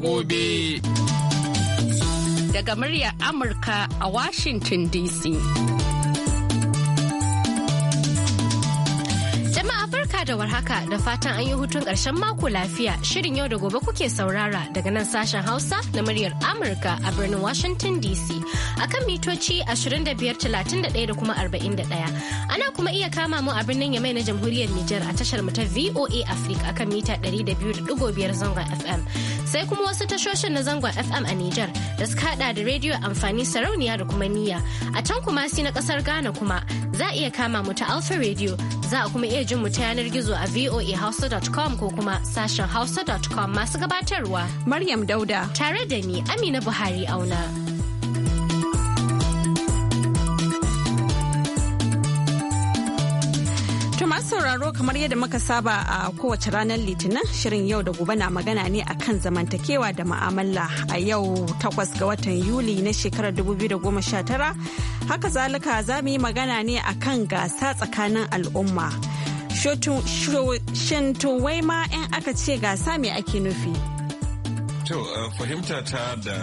gobe. Daga muryar Amurka a Washington DC. Jama'a barka da warhaka da fatan an yi hutun ƙarshen mako lafiya shirin yau da gobe kuke saurara daga nan sashen Hausa na muryar Amurka a birnin Washington DC. akan mitoci 2531 da kuma 41. Ana kuma iya kama mu a birnin Yamai na Jamhuriyar Nijar a tashar mu ta VOA Africa akan mita 200.5 zangon FM. sai kuma wasu tashoshin na zangon FM a Nijar da suka hada da rediyo amfani sarauniya da kuma niyya. A can kuma si na kasar Ghana kuma za a iya kama mu ta Alpha Radio za a kuma iya jin mu ta yanar gizo a voahausa.com ko kuma sashen hausa.com masu gabatarwa. Maryam Dauda. Tare da ni Amina Buhari Auna. masu sauraro kamar yadda muka saba a kowace ranar litinin shirin yau da gobe na magana ne akan zamantakewa da ma'amala a yau takwas ga watan yuli na shekarar 2019 haka zalika za mu yi magana ne akan gasa tsakanin al'umma shintuwai wai ma in aka ce gasa mai ake nufi To uh, fahimta ta da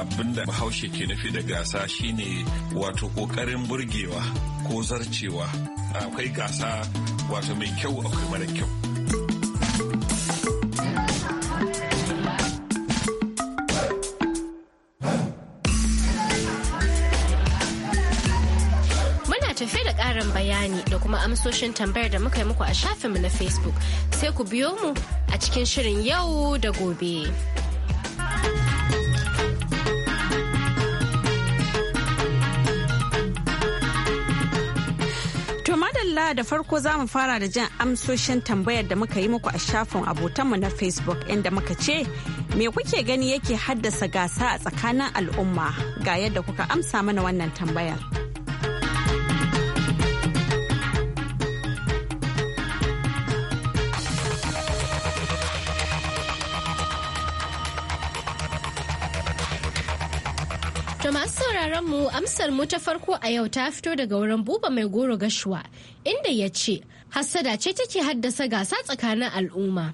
abinda bahaushe ke nufi da gasa shine wato ƙoƙarin burgewa ko zarcewa. Akwai gasa wato mai kyau akwai mara kyau. karin bayani da kuma amsoshin tambayar da muka yi muku a shafinmu na facebook sai ku biyo mu a cikin shirin yau da gobe. madalla da farko za mu fara da jan amsoshin tambayar da muka yi muku a shafin abotanmu na facebook inda muka ce me kuke gani yake haddasa gasa a tsakanin al'umma ga yadda kuka amsa mana wannan tambayar. yaran mu amsar mu ta farko a yau ta fito daga wurin buba mai goro gashuwa inda ya ce hassada ce take haddasa gasa tsakanin al'umma.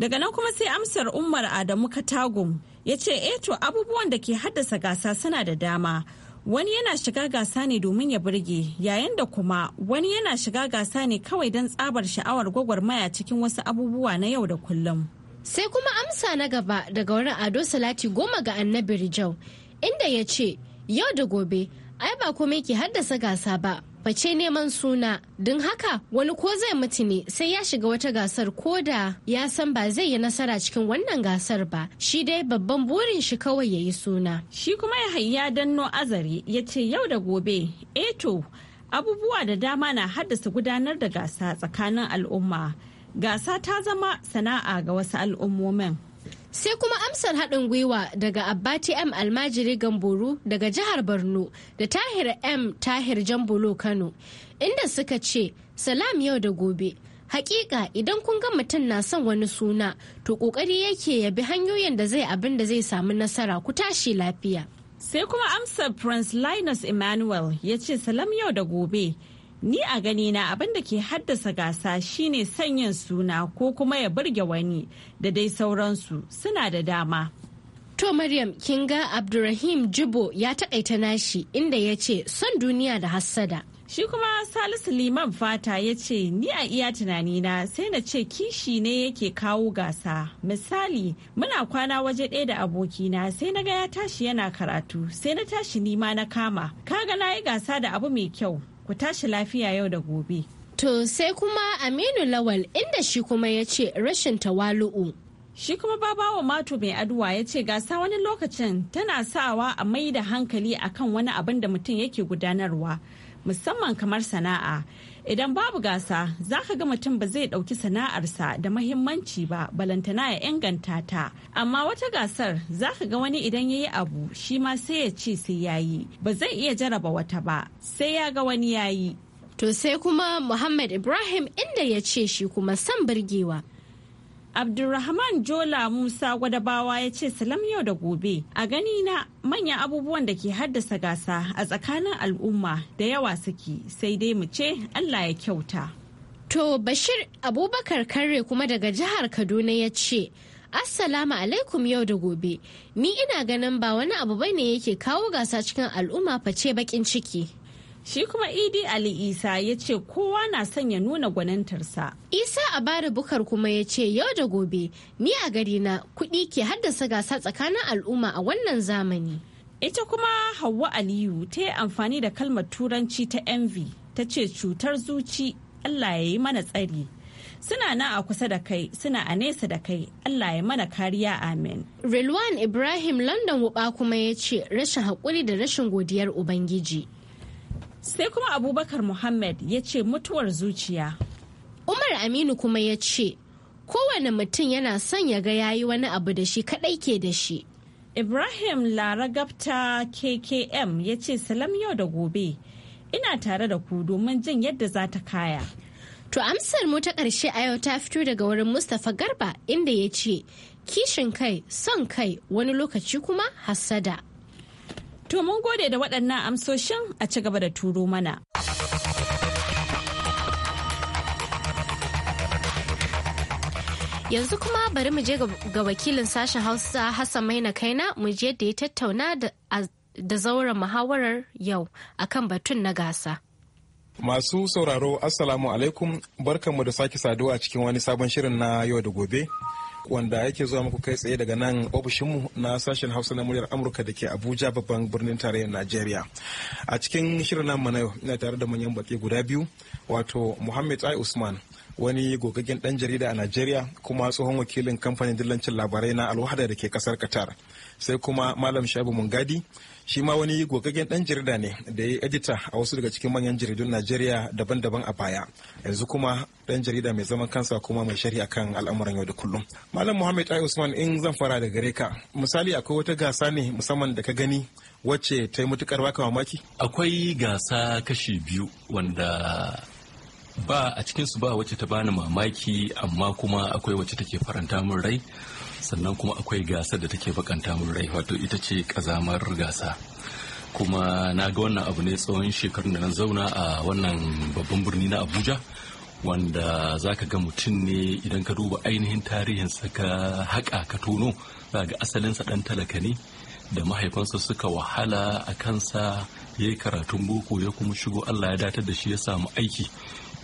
Daga nan kuma sai amsar Umar Adamu Katagum ya ce eh to abubuwan da ke haddasa gasa suna da dama. Wani yana shiga gasa ne domin ya burge yayin da kuma wani yana shiga gasa ne kawai don tsabar sha'awar gwagwarmaya cikin wasu abubuwa na yau da kullum. Sai kuma amsa na gaba daga wurin Ado Salati goma ga Annabi Rijau inda ya ce Yau da gobe, ai ba komai ke haddasa gasa ba, face neman suna. Don haka wani ko zai mutu ne sai ya shiga wata gasar ko da ya san ba zai yi nasara cikin wannan gasar ba. Shi dai babban burin shi kawai ya yi suna. Shi kuma ya hayya danno azare ya ce yau da gobe, eto eh abubuwa da dama na haddasa gudanar da gasa tsakanin al'umma. Gasa ta zama sana'a ga wasu al'ummomin. Sai kuma amsar haɗin gwiwa daga Abbati M Almajiri Gamboru daga jihar Borno da Tahir M Tahir Jambolo Kano inda suka ce salam yau da gobe. Hakika idan kun ga mutum na son wani suna to ƙoƙari yake ya bi hanyoyin da zai abin da zai samu nasara ku tashi lafiya. Sai kuma amsar Prince Linus Emmanuel ya ce salam yau da gobe. Ni a gani na abin da ke haddasa gasa shine sanyin suna ko kuma ya burge wani da dai sauransu suna da dama. To Maryam Kinga Abdurrahim Jibo ya taƙaita nashi inda ya ce son duniya da hassada. Shi kuma Salisu Liman Fata ya ce, Ni a iya tunani na sai na ce kishi ne yake kawo gasa. Misali, muna kwana waje ɗaya da abokina sai na ga ya tashi yana karatu, sai na tashi nima na kama. Kaga na yi gasa da abu mai kyau, ku tashi lafiya yau da gobe. To sai kuma Aminu Lawal inda shi kuma ya ce rashin tawalu'u. Shi kuma babawa mato mai aduwa ya ce gasa wani lokacin tana sawa a mai da hankali akan wani abin da mutum yake gudanarwa musamman kamar sana'a Idan babu gasa, za ka ga mutum ba zai ɗauki sana'arsa da mahimmanci ba balantana ya inganta ta. Amma wata gasar za ka ga wani idan ya yi abu shi ma sai ya ce sai ya yi. Ba zai iya jaraba wata ba, sai ya ga wani ya yi. To sai kuma Muhammad Ibrahim inda ya ce shi kuma san birgewa. Abdulrahman Jola Musa Gwadabawa ya ce salam yau da gobe a gani na manyan abubuwan da ke haddasa gasa a tsakanin al'umma da yawa suke sai dai mu ce Allah ya kyauta. To Bashir Abubakar Karre kuma daga jihar Kaduna ya ce Assalamu alaikum yau da gobe ni ina ganin ba wani abu bane yake kawo gasa cikin al'umma face bakin ciki. Shi kuma Idi Ali Isa ya ce kowa na son ya nuna gwanantarsa Isa a bari bukar kuma ya ce yau da gobe ni a garina kuɗi ke haddasa gasa tsakanin al'umma a wannan zamani. Ita kuma Hauwa Aliyu ta yi amfani da kalmar turanci ta envy ta ce cutar zuci Allah ya yi mana tsari. Suna na a kusa da kai, suna a nesa da kai, Allah ya mana kariya amin. Rilwan Ibrahim London Wuba kuma ya ce rashin haƙuri da rashin godiyar Ubangiji. sai kuma abubakar muhammad ya ce mutuwar zuciya umar aminu kuma ya ce kowane mutum yana son ya ga yayi wani abu da shi kadai ke da shi ibrahim laragabta kkm ya ce salam yau da gobe ina tare da ku domin jin yadda za ta kaya to amsar mu ta karshe a yau ta fito daga wurin mustapha garba inda ya ce kishin kai son kai wani lokaci kuma hassada To mun gode da waɗannan amsoshin a ci gaba da turo mana. Yanzu kuma bari mu je ga wakilin sashen Hausa Hassan Maina Kaina mu je da ya tattauna da zauren muhawarar yau akan batun na gasa. Masu sauraro Assalamu alaikum barkanmu da sake saduwa cikin wani sabon shirin na yau da gobe. wanda yake zuwa muku kai tsaye daga nan ofishinmu na sashen hausa na muryar amurka da ke abuja babban birnin tarayyar najeriya a cikin shirin namu na yau ina tare da manyan baki guda biyu wato muhammad ai usman wani gogaggen dan jarida a najeriya kuma tsohon wakilin kamfanin dillancin labarai na alwahada da ke kasar qatar sai kuma malam shabu mungadi shi ma wani gogaggen dan jarida ne da ya yi edita a wasu daga cikin manyan jaridun najeriya daban-daban a baya yanzu kuma dan jarida mai zaman kansa kuma mai shari'a kan al'amuran yau da kullum. Malam Muhammad Ai Usman in zan fara daga gare ka. Misali akwai wata gasa ne musamman da ka gani wacce ta yi matukar baka mamaki? Akwai gasa kashi biyu wanda ba a cikin su ba wacce ta bani mamaki amma kuma akwai wacce take faranta min rai sannan kuma akwai gasar da take bakanta min rai wato ita ce kazamar gasa. kuma na ga wannan abu ne tsawon shekarun da na zauna a wannan babban birni na abuja wanda za ka ga mutum ne idan ka duba ainihin tarihinsa ka haƙa ka tono za ga asalinsa dan talaka ne da mahaifansa suka wahala a kansa ya yi karatun boko ya kuma shigo allah ya datar da shi ya samu aiki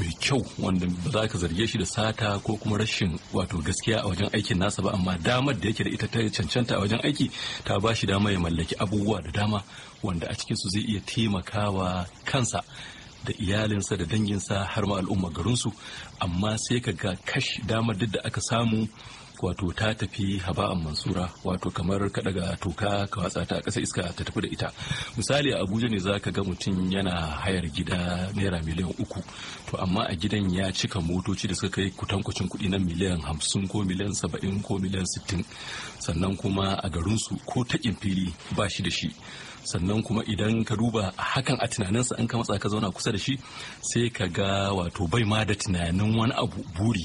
mai kyau wanda ba za ka zarge shi da sata ko kuma rashin wato gaskiya a wajen aikin nasa ba amma damar da yake da ita ta cancanta a wajen aiki ta ba shi dama ya mallaki abubuwa da dama wanda a cikinsu zai iya taimakawa kansa da iyalinsa da danginsa har ma al'umma garinsu amma sai ka ga kash damar duk da aka samu wato ta tafi haba'an mansura wato kamar ka daga toka ka watsa ta ƙasa iska ta tafi da ita misali a abuja ne za ka ga mutum yana hayar gida naira miliyan uku to amma a gidan ya cika motoci da suka kai kutankucin kuɗi na miliyan hamsin ko miliyan saba'in ko miliyan sittin sannan kuma a garinsu ko taƙin fili ba shi da shi sannan kuma idan ka duba hakan a tunaninsa in ka matsa ka zauna kusa da shi sai ka ga wato bai ma da tunanin wani abu buri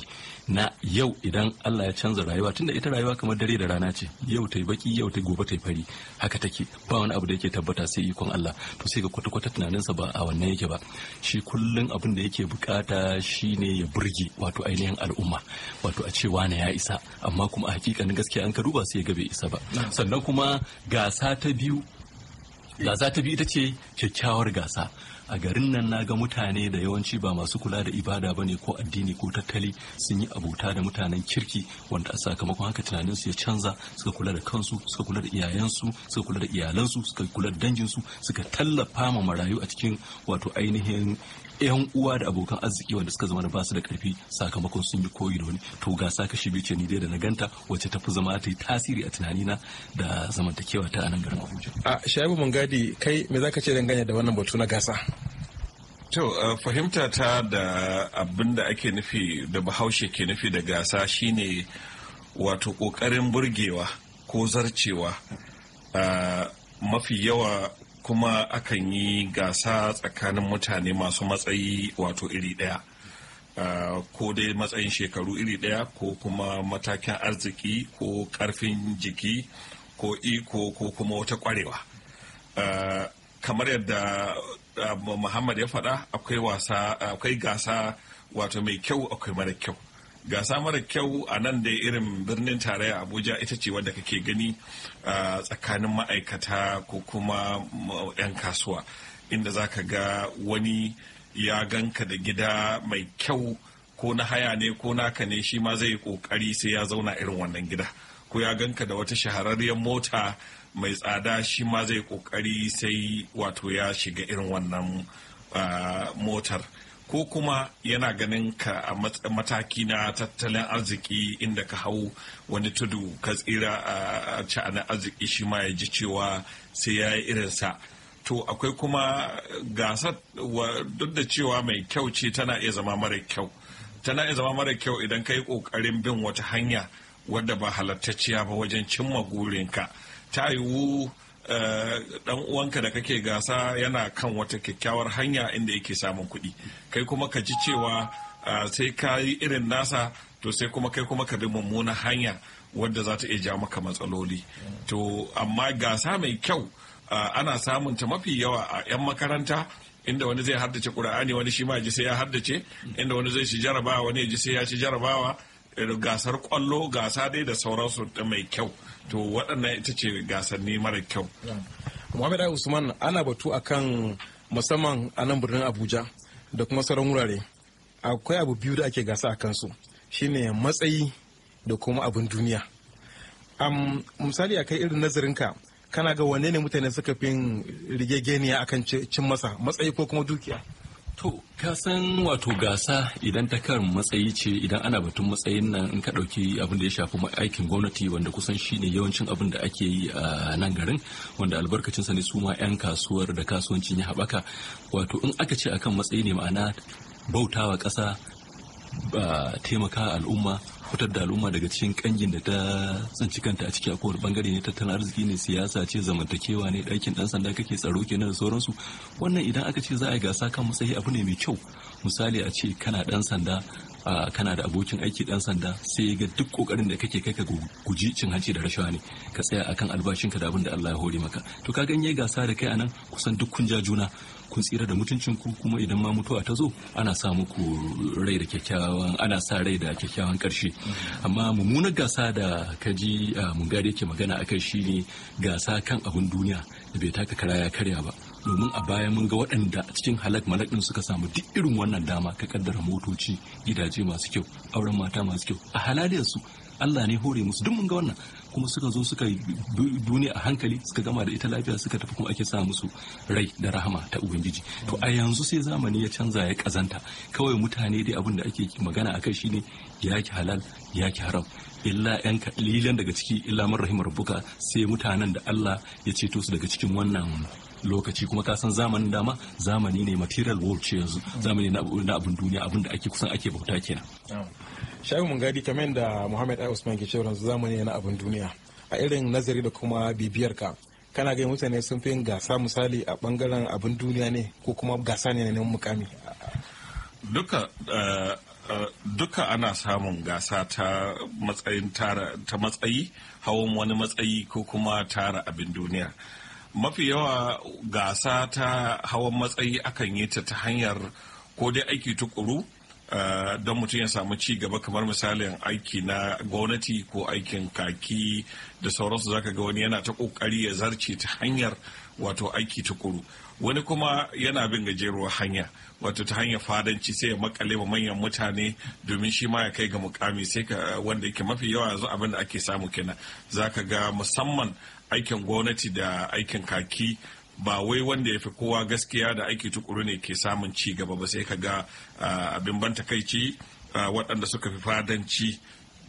na yau idan Allah ya canza rayuwa tun da ita rayuwa kamar dare da rana ce yau ta yi baki yau ta gobe ta yi fari haka take ba wani abu da yake tabbata sai ikon Allah to sai ga kwata-kwata tunaninsa ba a wannan yake ba shi kullum abin da yake bukata ne ya burge wato ainihin al'umma wato a ce wane ya isa amma kuma a hakikanin gaskiya an ka duba sai ya ga bai isa ba sannan kuma gasa ta biyu gasa ta biyu ita ce kyakkyawar gasa a garin nan na ga mutane da yawanci ba masu kula da ibada ba ne ko addini ko tattali sun yi abuta da mutanen kirki wanda a sakamakon haka tunaninsu ya canza suka kula da kansu suka kula da iyayensu suka kula da iyalansu suka kula da danginsu suka tallafa ma marayu a cikin wato ainihin yan uwa da abokan arziki wanda suka zama da basu da karfi sakamakon sun yi koyi da wani to gasa saka shi ce ni dai da na ganta wacce ta fi zama ta yi tasiri a tunanina da zamantakewa ta anan garin Abuja. A Shaibu kai me zaka ce dangane da wannan batu na gasa? To fahimta ta da abin da ake nufi da bahaushe ke nufi da gasa shine wato kokarin burgewa ko zarcewa mafi yawa kuma akan yi gasa tsakanin mutane masu matsayi wato iri ɗaya ah, ko dai matsayin shekaru iri ɗaya ko kuma matakin arziki ko ƙarfin jiki ko iko ko kuma wata kwarewa. Ah, kamar yadda ah, muhammad ya faɗa akwai akwai gasa wato mai kyau akwai mara kyau gasa mara kyau a nan da irin birnin tarayya abuja ita ce wadda kake gani a tsakanin ma'aikata ko kuma 'yan kasuwa inda za ka ga wani ya ganka da gida mai kyau ko na haya ne ko naka ne shi ma zai kokari sai ya zauna irin wannan gida ko ya ganka da wata shahararriyar mota mai tsada shi ma zai kokari sai wato ya shiga irin wannan motar ko kuma yana ganin ka a mataki na tattalin arziki inda ka hau wani tudu ka tsira a ca'anin arziki shi ma ya ji cewa sai ya yi irinsa to akwai kuma gasar duk da cewa mai kyau ce tana iya zama mara kyau tana iya zama mara kyau idan ka yi ƙoƙarin bin wata hanya wadda ba halartacciya ba wajen cimma gurinka ta yiwu Eh, dan uwanka da kake gasa yana kan wata kyakkyawar hanya inda yake samun kuɗi kai kuma ka ji cewa eh, sai ka yi irin nasa to sai kuma kai kuma ka bi mummuna hanya wadda za ta iya ja maka matsaloli to amma gasa mai kyau eh, ana samun ta mafi yawa a 'yan makaranta inda wani zai haddace ƙura'ani wani shi ma ji sai ya haddace inda wani zai shi jarabawa wani ya ji sai ya ci jarabawa gasar kwallo gasa dai da sauransu ta mai kyau to waɗannan ita ce gasanni mara kyau muhammad usman ana batu akan musamman a nan birnin abuja da kuma sauran wurare akwai abu biyu da ake gasa a kansu shine matsayi da kuma abin duniya misali a kai irin nazarinka kana ga wanne ne mutane suka fi rigegeniya akan cin masa matsayi ko kuma dukiya To, ka san wato gasa idan ta kan matsayi ce idan ana batun matsayin nan in ka ɗauki abin da ya shafi aikin gwamnati wanda kusan shi ne yawancin abin da ake yi a nan garin wanda albarkacin sa ne su ma 'yan kasuwar da kasuwancin ya haɓaka. Wato in aka ce akan matsayi ne ma'ana bautawa ƙasa taimaka al'umma fitar da al'umma daga cikin kanjin da ta tsinci kanta a ciki a bangare ne tattalin arziki ne siyasa ce zamantakewa ne ɗakin ɗan sanda kake tsaro kenan da sauransu wannan idan aka ce za a yi gasa kan matsayi abu ne mai kyau misali a ce kana ɗan sanda kana da abokin aiki ɗan sanda sai ga duk kokarin da kake kai ka guji cin hanci da rashawa ne ka tsaya akan albashinka da abin da Allah ya hore maka to ka ganye gasa da kai anan kusan duk kun ja juna kun tsira da mutuncin ku kuma idan ma mutuwa ta zo ana sa muku rai da kyakkyawan ana sa rai da kyakkyawan karshe amma mummunar gasa da kaji ah, mun gari yake magana akai shine gasa kan abun duniya da bai taka kara ya karya ba domin a baya mun ga waɗanda cikin halak malak ɗin suka samu duk irin wannan dama ka kaddara motoci gidaje masu kyau auren mata masu kyau a halaliyar su Allah ne hore musu duk mun ga wannan kuma suka zo suka duniya a hankali suka gama da ita lafiya suka tafi kuma ake sa musu rai da rahama ta ubangiji to a yanzu sai zamani ya canza ya kazanta kawai mutane dai abin da ake magana akai shine yaki halal yaki haram illa yan kalilan daga ciki illa man rahimar buka sai mutanen da Allah ya ceto su daga cikin wannan lokaci kuma ka san zamanin dama zamani ne material world ce yanzu zamani na abin duniya abin da ake kusan ake bauta kenan shayi mun gadi kamar yadda muhammad ai usman ke cewa zamani ne na abin duniya a irin nazari da kuma bibiyar ka kana ga mutane sun fi gasa misali a bangaren abin duniya ne ko kuma gasa ne na mukami duka eh, eh, duka ana samun gasa ta matsayin tara ta matsayi hawan wani matsayi ko kuma tara abin duniya mafi yawa gasa ta hawan matsayi akan yi ta ta hanyar ko dai aiki tukuru Uh, eh, don mutum ya samu ci gaba kamar misalin aiki na gwamnati ko aikin kaki da sauransu zaka ga wani yana ta kokari ya zarce ta hanyar wato aiki tukuru wani kuma yana bin gajeruwar hanya wato ta hanyar fadanci sai ya makale ma manyan mutane domin shi ma ya kai ga mukami sai ka wanda yake mafi yawa yanzu abin da ake samu kenan ka ga musamman aikin gwamnati da aikin kaki ba wai wanda ya fi kowa gaskiya da aiki tukuru ne ke samun ci gaba ba sai ka ga abin ban takaici waɗanda suka fi fadanci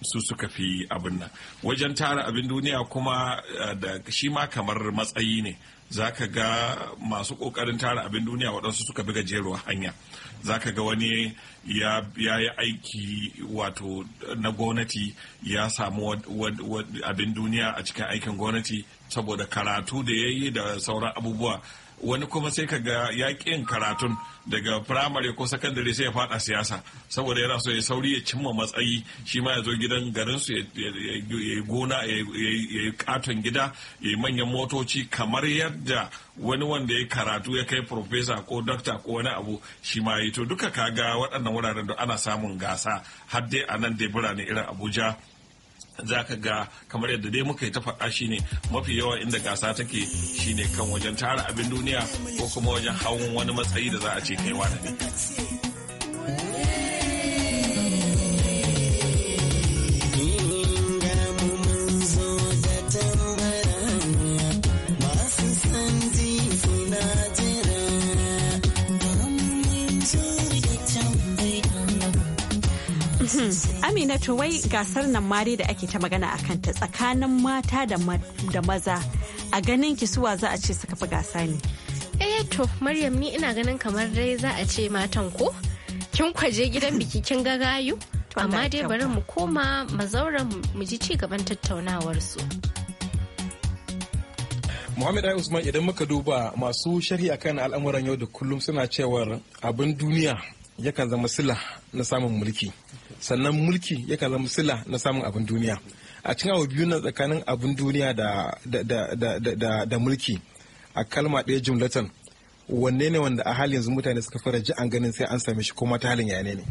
su suka fi abin nan wajen tara abin duniya kuma da shi ma kamar matsayi ne za ka ga masu ƙoƙarin tara abin duniya waɗansu suka bi gajeruwa hanya za ka ga wani ya yi aiki wato na gwamnati ya samu abin duniya a cikin aikin gwamnati saboda karatu da ya yi da sauran abubuwa wani kuma sai ka ga yaƙin karatun daga firamare ko sakandare sai ya fada siyasa saboda yana so ya sauri ya cimma matsayi shi ma ya zo gidan garinsu ya gona ya yi katon gida ya yi manyan motoci kamar yadda wani wanda ya karatu ya kai profesa ko dokta ko wani abu shi ma yi to duka ka ga waɗannan wuraren da ana samun gasa har dai a nan da birane irin abuja za ka ga kamar yadda dai muka yi ta faɗa shine mafi yawa inda gasa take shine kan wajen tara abin duniya ko kuma wajen hawan wani matsayi da za a ce kaiwa da ne. wato wai gasar nan mare da ake ta magana a kanta tsakanin mata da maza a ganin ki suwa za a ce suka fi gasa ne. Eh to Maryam ni ina ganin kamar dai za a ce matan ko kin kwaje gidan biki kin ga gayu amma dai bari mu koma mazauran mu ji ci gaban tattaunawar su. Muhammad Ali Usman idan muka duba masu sharhi akan al'amuran yau da kullum suna cewar abin duniya yakan zama sila na samun mulki. sannan mulki ya zama sila na samun abin duniya a cikin abu biyu na tsakanin abin duniya da mulki a kalma ɗaya jumlatan wanne ne wanda a halin yanzu mutane suka fara ji an ganin sai an same shi kuma ta halin yane ne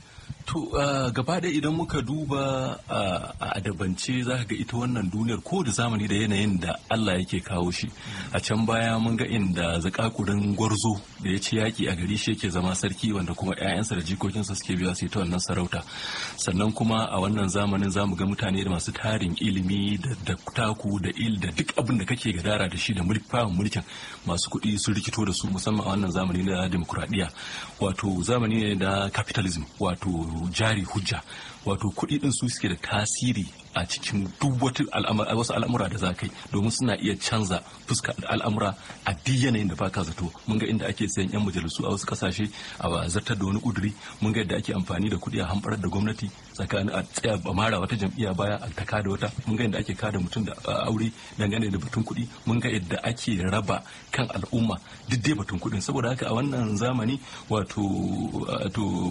To gaba da idan muka duba a adabance za ga ita wannan duniyar ko da zamani da yanayin da Allah yake kawo shi. A can baya mun ga inda zakakurin gwarzo da ya ci yaƙi a gari shi yake zama sarki wanda kuma 'ya'yansa da jikokinsa suke biya su ta wannan sarauta. Sannan kuma a wannan zamanin za mu ga mutane da masu tarin ilimi da taku da il da duk abin da kake gadara da shi da mulkin mulkin masu kuɗi sun rikito da su musamman a wannan zamani na demokradiya wato zamani ne da capitalism wato jari hujja wato kuɗi ɗin su suke da tasiri a cikin duk wata wasu al'amura da za ka domin suna iya canza fuska al'amura a duk yanayin da baka zato mun ga inda ake sayan yan majalisu a wasu kasashe a zartar da wani kuduri mun ga yadda ake amfani da kuɗi a hamɓarar da gwamnati tsakanin a tsaya mara wata jam'iyya baya a ta kada wata mun ga yadda ake kada mutum da aure dangane da batun kuɗi mun ga yadda ake raba kan al'umma duk dai batun kuɗin saboda haka a wannan zamani wato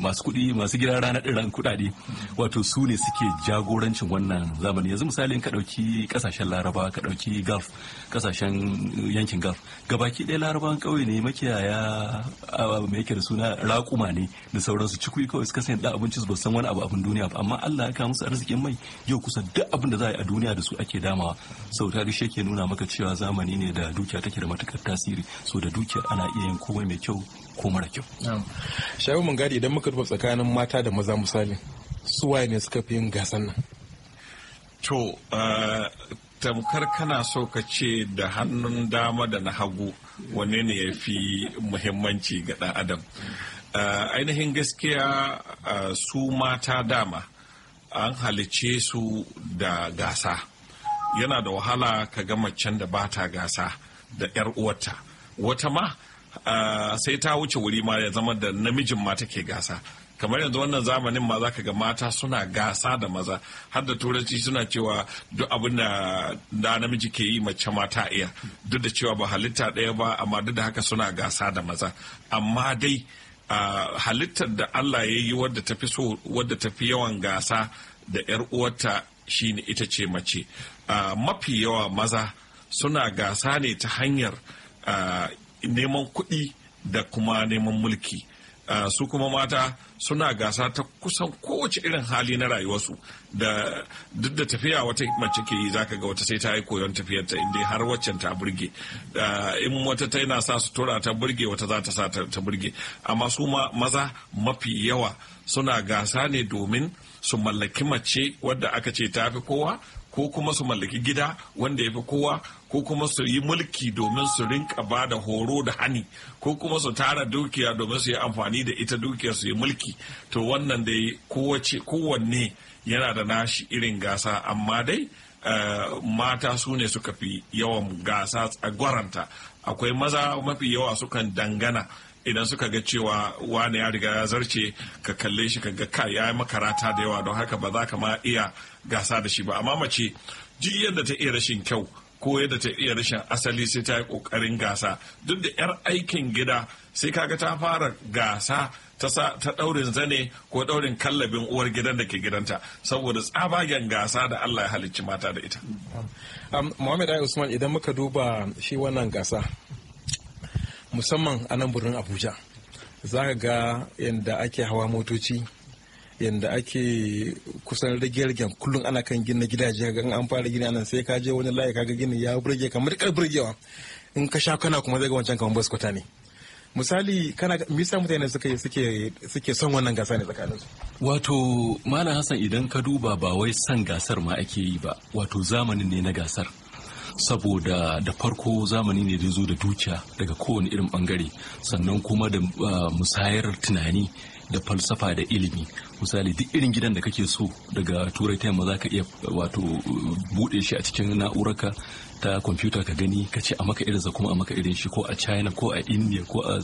masu kuɗi masu gidan rana ɗin kuɗaɗe wato su ne suke jagorancin wannan zamani yanzu misali ka ɗauki ƙasashen laraba ka ɗauki gulf ƙasashen uh, yankin gulf gabaki ɗaya larabawan ƙauye ne makiyaya uh, mai yake da suna raƙuma ne da sauransu cikui kawai suka sanya da abinci ba san wani abu abin duniya ba amma Allah ya kawo musu arzikin mai yau kusa duk abin da za a yi a duniya da su ake damawa sau ta gashe ke nuna maka cewa zamani ne da dukiya take da matukar tasiri so da dukiya ana iya yin komai mai kyau ko mara kyau. Shayu mun gadi idan muka duba tsakanin mata da maza misali su waye ne suka fi yin gasan nan? To, eh, tamkar kana so ka ce da hannun dama da na hagu wanne ne ya fi muhimmanci ga ɗan adam. Eh, ainihin gaskiya eh, su mata dama an halice su da gasa. Yana da wahala ka gama can da ba ta gasa da 'yar uwarta. Wata ma sai ta wuce wuri ma ya zama da namijin ma take gasa. kamar yanzu wannan zamanin ma zaka ga mata suna gasa da maza har da turanci suna cewa duk abin da namiji ke yi mace mata iya duk da cewa ba halitta ɗaya ba amma duk da haka suna gasa da maza amma dai halittar da Allah ya yi wadda ta fi so wadda ta fi yawan gasa da yar uwarta shine ita ce mace mafi yawa maza suna gasa ne ta hanyar neman kuɗi da kuma neman mulki su kuma mata suna gasa ta kusan kowace irin hali na rayuwarsu da duk da tafiya wata mace ke yi zaka ga wata sai ta yi koyon tafiyar ta inda har waccan ta burge in wata ta yana sa su tura ta burge wata za ta sa ta burge amma su maza mafi yawa suna gasa ne domin su mallaki mace wadda aka ce ta fi kowa ko kuma su mallaki gida wanda ya fi kowa ko kuma su yi mulki domin su rinka ba da horo da hani ko kuma su tara dukiya domin su yi amfani da ita dukiya su yi mulki to wannan dai kowanne yana da nashi irin gasa amma dai eh, mata su ne suka fi yawan gasa a gwaranta akwai maza mafi yawa sukan dangana idan suka ga cewa wani ya riga ya zarce ka kalle shi ka ga ka ya makarata da yawa don haka ba za ka ma iya gasa da shi ba amma mace duk yadda ta iya rashin kyau ko yadda ta iya rashin asali sai ta yi kokarin gasa duk da yar aikin gida sai kaga ta fara gasa ta ta daurin zane ko daurin kallabin uwar gidan da ke gidanta saboda tsabagen gasa da Allah ya halicci mata da ita Muhammad Ali Usman idan muka duba shi wannan gasa musamman a nan birnin Abuja zaka ga yadda ake hawa motoci yanda ake kusan rage gyan kullum ana kan gina gidaje ga an fara gina nan sai ka je wani layi kaga gini ya burge ka matukar burgewa in ka sha kana kuma zai ga wancan kamar baskwata ne misali kana misa mutane suke suke suke son wannan gasa ne tsakanin su wato malam hassan idan ka duba ba wai son gasar ma ake yi ba wato zamanin ne na gasar saboda da farko zamani ne da zo da dukiya daga kowane irin bangare sannan kuma da ah, musayar tunani da falsafa da ilimi misali duk irin gidan da kake so daga turai ta yamma za ka iya wato bude shi a cikin na'urarka ta kwamfuta ka gani ka ce a maka irinsa kuma a maka irin shi ko a china ko a india ko a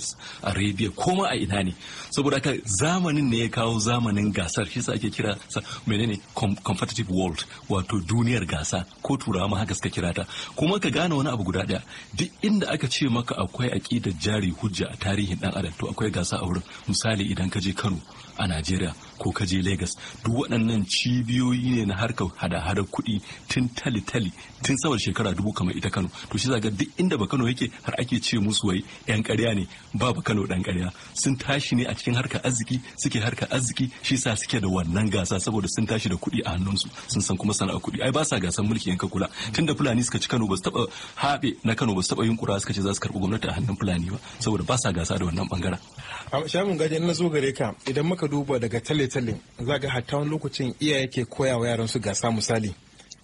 arabia ko ma a ina ne saboda haka zamanin ne ya kawo zamanin gasar shi sa ake kira sa menene competitive world wato duniyar gasa ko turawa ma haka suka kira ta kuma ka gane wani abu guda daya duk inda aka ce maka akwai aƙidar jari hujja a tarihin dan adam to akwai gasa a wurin misali idan ka je kano a Najeriya ko ka je Lagos duk waɗannan cibiyoyi ne na harkar hada-hadar kuɗi tun tali-tali tun saboda shekara dubu kamar ita Kano to shi zaga duk inda ba Kano yake har ake ce musu wai yan karya ne babu Kano dan karya. sun tashi ne a cikin harkar arziki suke harkar arziki shi sa suke da wannan gasa saboda sun tashi da kuɗi a hannunsu sun san kuma sana'a kuɗi ai ba sa gasan mulki yanka kula tunda Fulani suka ci Kano ba su taba haɓe na Kano ba su taba yunkura suka ce za su karɓi gwamnati a hannun Fulani ba saboda ba sa gasa da wannan bangaren shamun gaji na zo gare ka idan muka duba daga tale-tale za ga hatta wani lokacin iyaye ke koyawa yaran su gasa misali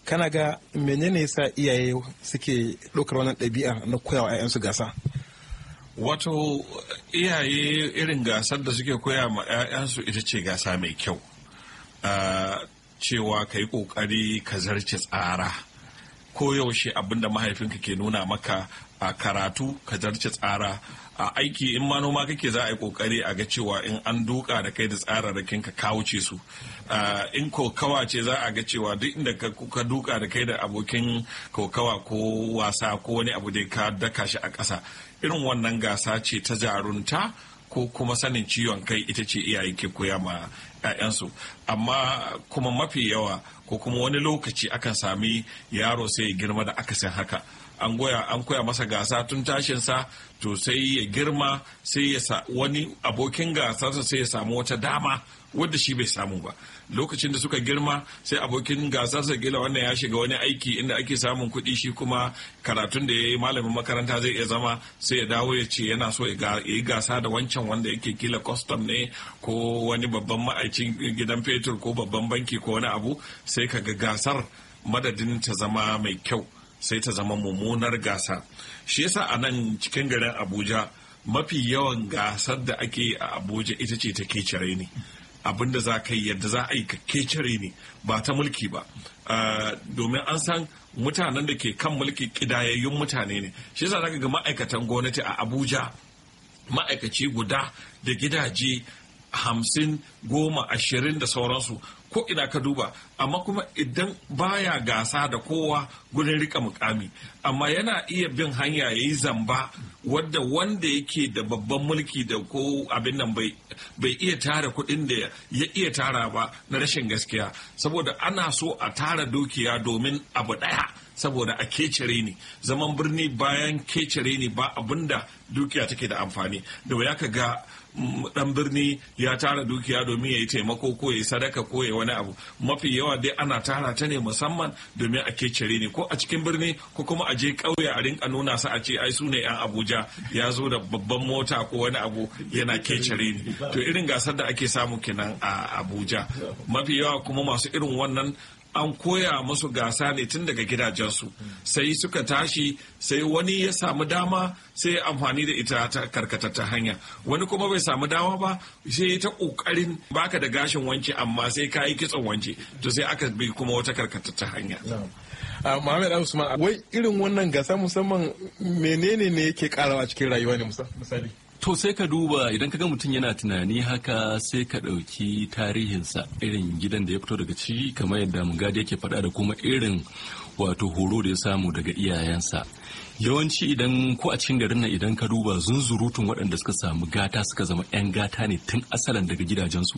kana ga menene yasa iyaye suke ɗaukar wannan ɗabi'a na koyawa 'ya'yansu gasa wato iyaye irin gasar da suke koya ma 'ya'yansu ita ce gasa mai kyau ah, cewa ka yi ƙoƙari ka zarce tsara ko yaushe abinda mahaifinka ke nuna maka a karatu ka zarce tsara a aiki in manoma kake za a yi kokari a ga cewa in an duka da kai da tsararrakin ka kawuce su in kokawa ce za a ga cewa duk inda ka duka da kai da abokin kokawa ko wasa ko wani abu da ka daka shi a ƙasa irin wannan gasa ce ta jarunta ko kuma sanin ciwon kai ita ce iyaye ke koya ma 'ya'yansu amma kuma mafi yawa ko kuma wani lokaci akan sami yaro sai girma da akasin haka an goya an koya masa gasa tun tashinsa to sai ya girma sai ya sa wani abokin gasarsa sai ya samu wata dama wadda shi bai samu ba lokacin da suka girma sai abokin gasarsa gila wannan ya shiga wani aiki inda ake samun kuɗi shi kuma karatun da ya yi malamin makaranta zai iya zama sai ya dawo ya ce yana so ya yi gasa da wancan wanda yake kila custom ne ko wani babban ma'aicin gidan fetur ko babban banki ko wani abu sai ka ga gasar madadin ta zama mai kyau sai ta zama mummunar gasa shi yasa a nan cikin garin abuja mafi yawan gasar da ake a abuja ita ce ta kecere ne abinda da za ka yi yadda za a yi ka ne ba ta mulki ba ah, domin an san mutanen da ke kan mulki kidayayyun mutane ne shi yasa zaka ga ma'aikatan gwamnati a abuja ma'aikaci guda da gidaje hamsin goma ashirin da sauransu ko ina ka duba amma kuma idan baya gasa da kowa gurin rika mukami amma yana iya bin hanya ya yi zamba wadda wanda yake da babban mulki da ko abin nan bai iya tara kuɗin da ya iya tara ba na rashin gaskiya saboda ana so a tara dukiya domin abu ɗaya saboda a kecere ne zaman birni bayan kecere ne ba abinda dukiya take da amfani da ya ka ga dan birni ya tara dukiya domin ya yi taimako ko ya yi sadaka ko ya wani abu mafi yawa dai ana tara ta ne musamman domin a kecere ne ko a cikin birni ko kuma a je kauye a rinka nuna su a ce ai su ne yan abuja ya zo da babban mota ko wani abu yana kecere ne to irin gasar da ake samu kenan a abuja mafi yawa kuma masu irin wannan an koya masu gasa ne tun daga gidajensu sai suka tashi sai wani ya samu dama sai amfani da ita ta karkata ta hanya wani kuma bai samu dama ba sai ta kokarin baka da gashin wanki amma sai ka yi kitson wanki to sai aka bi kuma wata karkata ta hanya Muhammad ah, Usman wai irin wannan gasa musamman menene ne yake karawa cikin rayuwa ne misali To sai ka duba idan ka ga mutum yana tunani haka sai ka ɗauki tarihinsa irin gidan da ya fito daga ciki kamar yadda mugadi yake faɗa da kuma irin wato horo da ya samu daga iyayensa. yawanci idan ko a cikin garin nan idan ka duba zunzurutun waɗanda suka samu gata suka zama 'yan gata ne tun asalin daga gidajensu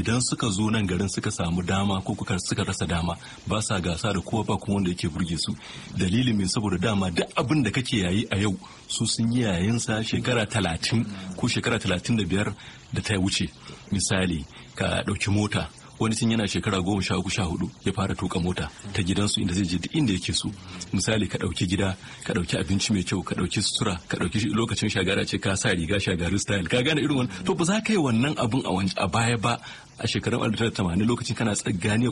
idan suka zo nan garin suka samu dama ko kuka suka rasa dama ba sa gasa da kowa ba kuma wanda yake burge su dalilin mai saboda dama duk abin da kake yayi a yau su sun yi yayinsa shekara talatin ko shekara talatin da biyar da ta wuce misali ka ɗauki mota wani sun yana shekara goma sha uku sha hudu ya fara tuka mota ta gidansu inda zai je duk inda yake so misali ka ɗauki gida ka ɗauki abinci mai kyau ka ɗauki sutura ka ɗauki lokacin shagara ce ka sa riga shagari style ka gane irin wannan to ba za ka yi wannan abun a baya ba a shekarun 1980 lokacin kana tsaggane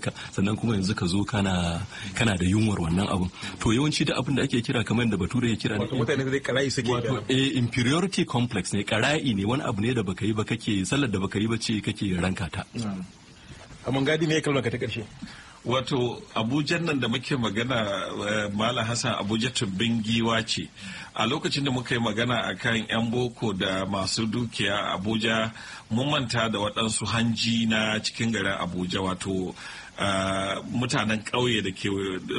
ka sannan kuma yanzu ka zo kana kana da yunwar wannan abun to yawanci da abin da ake kira kamar da bature ya kira wato mutane da karai suke wato eh inferiority complex ne karai ne wani abu ne da baka yi ba kake sallar da baka yi ba ce kake ranka ta amma gadi ne kalmar ka ta karshe wato abujan nan da muke magana eh, mala hassan abuja tubbin giwa ce a lokacin da muka yi magana a kan 'yan boko da masu dukiya abuja mun manta da waɗansu hanji na cikin garin abuja wato mutanen ƙauye da ke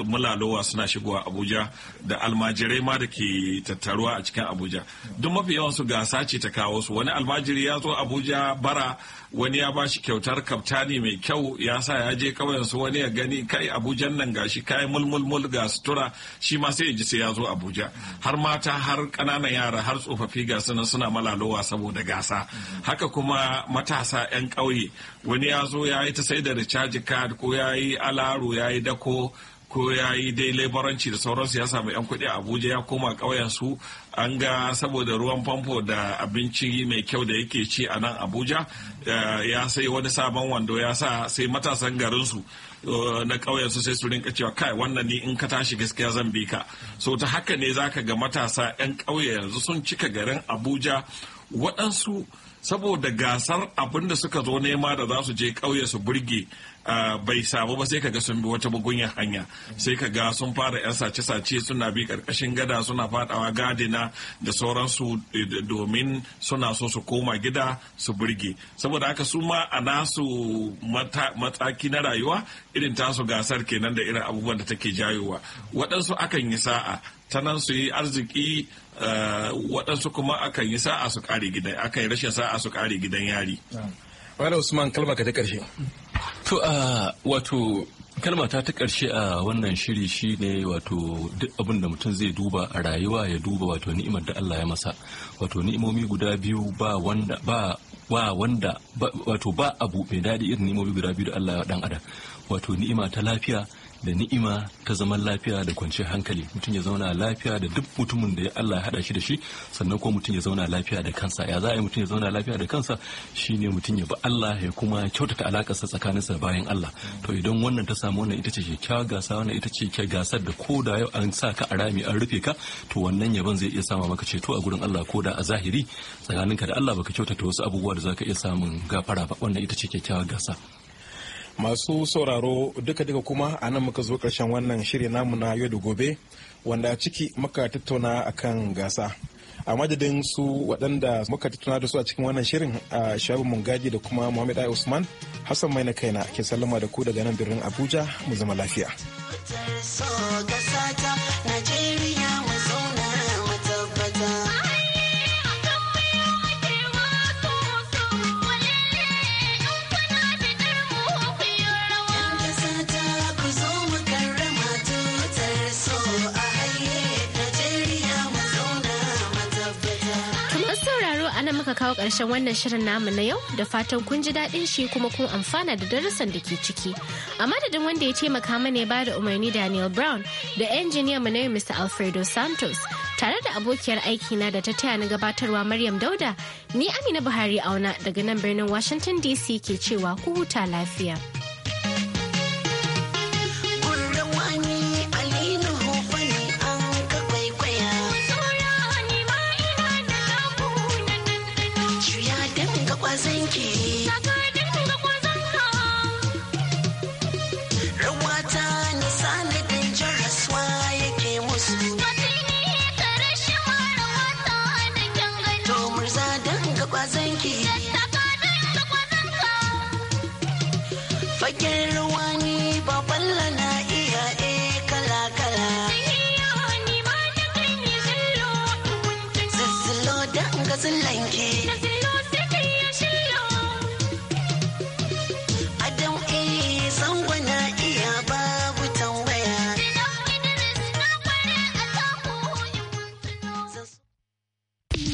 mulalowa suna shigowa abuja da almajirai ma da ke tattaruwa a cikin abuja duk mafi yawansu gasa ce ta kawo su wani almajiri ya zo abuja bara wani ya bashi kyautar kaftani mai kyau ya sa ya je kawai su wani ya gani kai abujan nan gashi kai mulmulmul ga sutura shi ma sai ya ji sai ya zo abuja har mata har ƙananan yara har tsofaffi ga suna suna malalowa saboda gasa haka kuma matasa 'yan ƙauye wani ya zo ya yi ta sai da recharge card ko ko ya yi alaro ya yi dako ko ya yi dai laibaranci da sauransu ya samu 'yan kuɗi a abuja ya koma ƙauyensu an ga saboda ruwan famfo da abinci mai kyau da yake ci a nan abuja eh, ya sai wani sabon wando ya sa sai matasan garinsu eh, na ƙauyensu sai su rinka cewa kai wannan ni in ka tashi gaskiya zan bi ka so ta haka ne za ka ga matasa 'yan ƙauye yanzu sun cika garin abuja waɗansu saboda gasar abin da suka zo nema da za su je ƙauye su burge bai samu ba sai ka ga sun bi wata bugunyar hanya sai ka ga sun fara yan sace-sace suna bi karkashin gada suna fadawa gadina da sauransu eh, domin suna so su koma gida su burge saboda haka su ma a nasu mataki na rayuwa irin tasu gasar kenan da irin abubuwan da take jayowa waɗansu akan yi sa'a ta nan su yi arziki eh, waɗansu kuma akan yi sa'a su ƙare gidan akan yi rashin sa'a su ƙare gidan yari. Wani Usman kalma ka ta ƙarshe. To a wato kalma ta ta ƙarshe a wannan shiri shi ne wato duk abin da mutum zai duba a rayuwa ya duba wato ni'imar da Allah ya masa wato ni'imomi guda biyu ba wanda ba ba wanda wato ba abu mai daɗi irin ni'imomi guda biyu da Allah ya dan adam wato ni'ima ta lafiya da ni'ima ta zaman lafiya da kwanciyar hankali mutum ya zauna lafiya da duk mutumin da Allah ya hada shi da shi sannan ko mutum ya zauna lafiya da kansa ya za a yi mutum ya zauna lafiya da kansa shine mutum ya bi Allah ya kuma kyautata alakarsa tsakaninsa bayan Allah to idan wannan ta samu wannan ita ce kyakkyawar gasa wannan ita ce kyakkyawar gasar da ko da yau an sa ka a rami an rufe ka to wannan yaban zai iya sama maka ceto a gurin Allah ko da a zahiri tsakaninka da Allah baka kyautata wasu abubuwa da zaka iya samun gafara ba wannan ita ce kyakkyawar gasa masu sauraro duka-duka kuma a nan muka zo karshen wannan shirin namu na yau da gobe wanda a ciki muka tattauna akan gasa a madadin su waɗanda muka tattauna da su a cikin wannan shirin a shabu mungaji da kuma muhammad ai usman hassan mai na kaina ke sallama da ku daga nan birnin abuja mu zama lafiya. muka kawo ƙarshen wannan shirin namu na yau da fatan kun ji daɗin shi kuma kun amfana da darussan da ke ciki. A madadin wanda ya taimaka mana ya bada umarni Daniel Brown da injiniya mu na Mr. Alfredo Santos tare da abokiyar aiki na da ta taya ni gabatarwa Maryam Dauda ni Amina Buhari auna daga nan birnin Washington DC ke cewa ku huta lafiya.